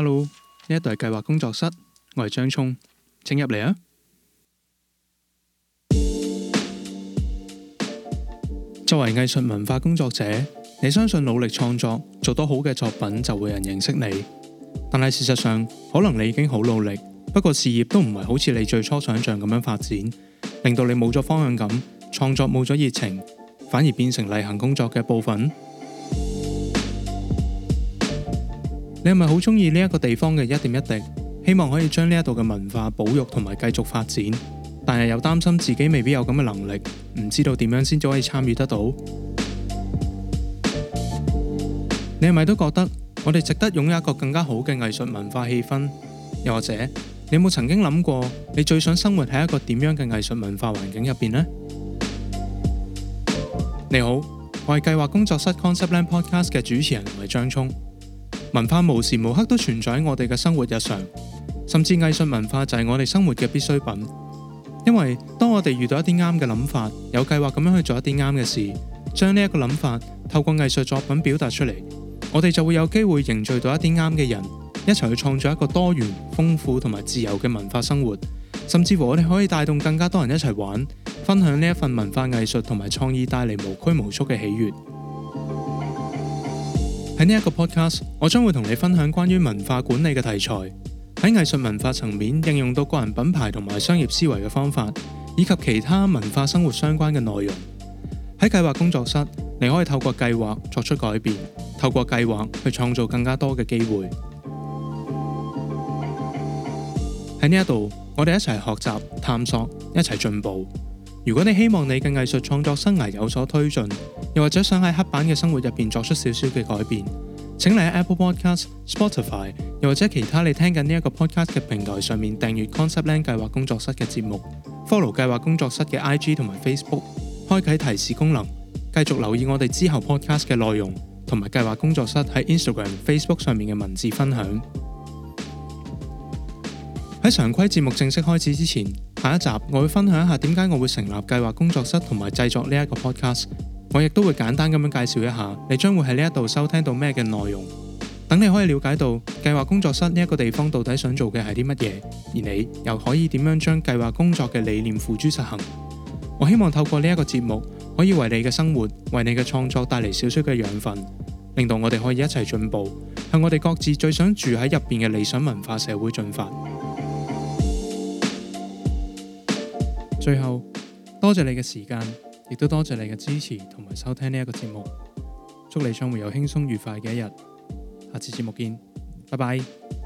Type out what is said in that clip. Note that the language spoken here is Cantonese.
Hello，呢一度係計劃工作室，我係張聰，請入嚟啊！作為藝術文化工作者，你相信努力創作，做到好嘅作品就會有人認識你。但係事實上，可能你已經好努力，不過事業都唔係好似你最初想象咁樣發展，令到你冇咗方向感，創作冇咗熱情，反而變成例行工作嘅部分。你係咪好中意呢一個地方嘅一點一滴？希望可以將呢一度嘅文化保育同埋繼續發展，但係又擔心自己未必有咁嘅能力，唔知道點樣先至可以參與得到。你係咪都覺得我哋值得擁有一個更加好嘅藝術文化氣氛？又或者你有冇曾經諗過，你最想生活喺一個點樣嘅藝術文化環境入邊呢？你好，我係計劃工作室 Conceptland Podcast 嘅主持人張聰，同埋張聰。文化無時無刻都存在喺我哋嘅生活日常，甚至藝術文化就係我哋生活嘅必需品。因為當我哋遇到一啲啱嘅諗法，有計劃咁樣去做一啲啱嘅事，將呢一個諗法透過藝術作品表達出嚟，我哋就會有機會凝聚到一啲啱嘅人，一齊去創造一個多元、豐富同埋自由嘅文化生活，甚至乎我哋可以帶動更加多人一齊玩，分享呢一份文化、藝術同埋創意帶嚟無拘無束嘅喜悅。喺呢一個 podcast，我將會同你分享關於文化管理嘅題材，喺藝術文化層面應用到個人品牌同埋商業思維嘅方法，以及其他文化生活相關嘅內容。喺計劃工作室，你可以透過計劃作出改變，透過計劃去創造更加多嘅機會。喺呢一度，我哋一齊學習、探索，一齊進步。如果你希望你嘅藝術創作生涯有所推進，又或者想喺黑板嘅生活入邊作出少少嘅改變，請嚟喺 Apple Podcast、Spotify 又或者其他你聽緊呢一個 podcast 嘅平台上面訂閱 Conceptland 計劃工作室嘅節目，follow 計劃工作室嘅 IG 同埋 Facebook，開啟提示功能，繼續留意我哋之後 podcast 嘅內容，同埋計劃工作室喺 Instagram、Facebook 上面嘅文字分享。喺常規節目正式開始之前。下一集我會分享一下點解我會成立計劃工作室同埋製作呢一個 podcast，我亦都會簡單咁樣介紹一下，你將會喺呢一度收聽到咩嘅內容，等你可以了解到計劃工作室呢一個地方到底想做嘅係啲乜嘢，而你又可以點樣將計劃工作嘅理念付諸實行。我希望透過呢一個節目，可以為你嘅生活、為你嘅創作帶嚟少少嘅養分，令到我哋可以一齊進步，向我哋各自最想住喺入邊嘅理想文化社會進發。最後，多謝你嘅時間，亦都多謝你嘅支持同埋收聽呢一個節目。祝你生活有輕鬆愉快嘅一日，下次節目見，拜拜。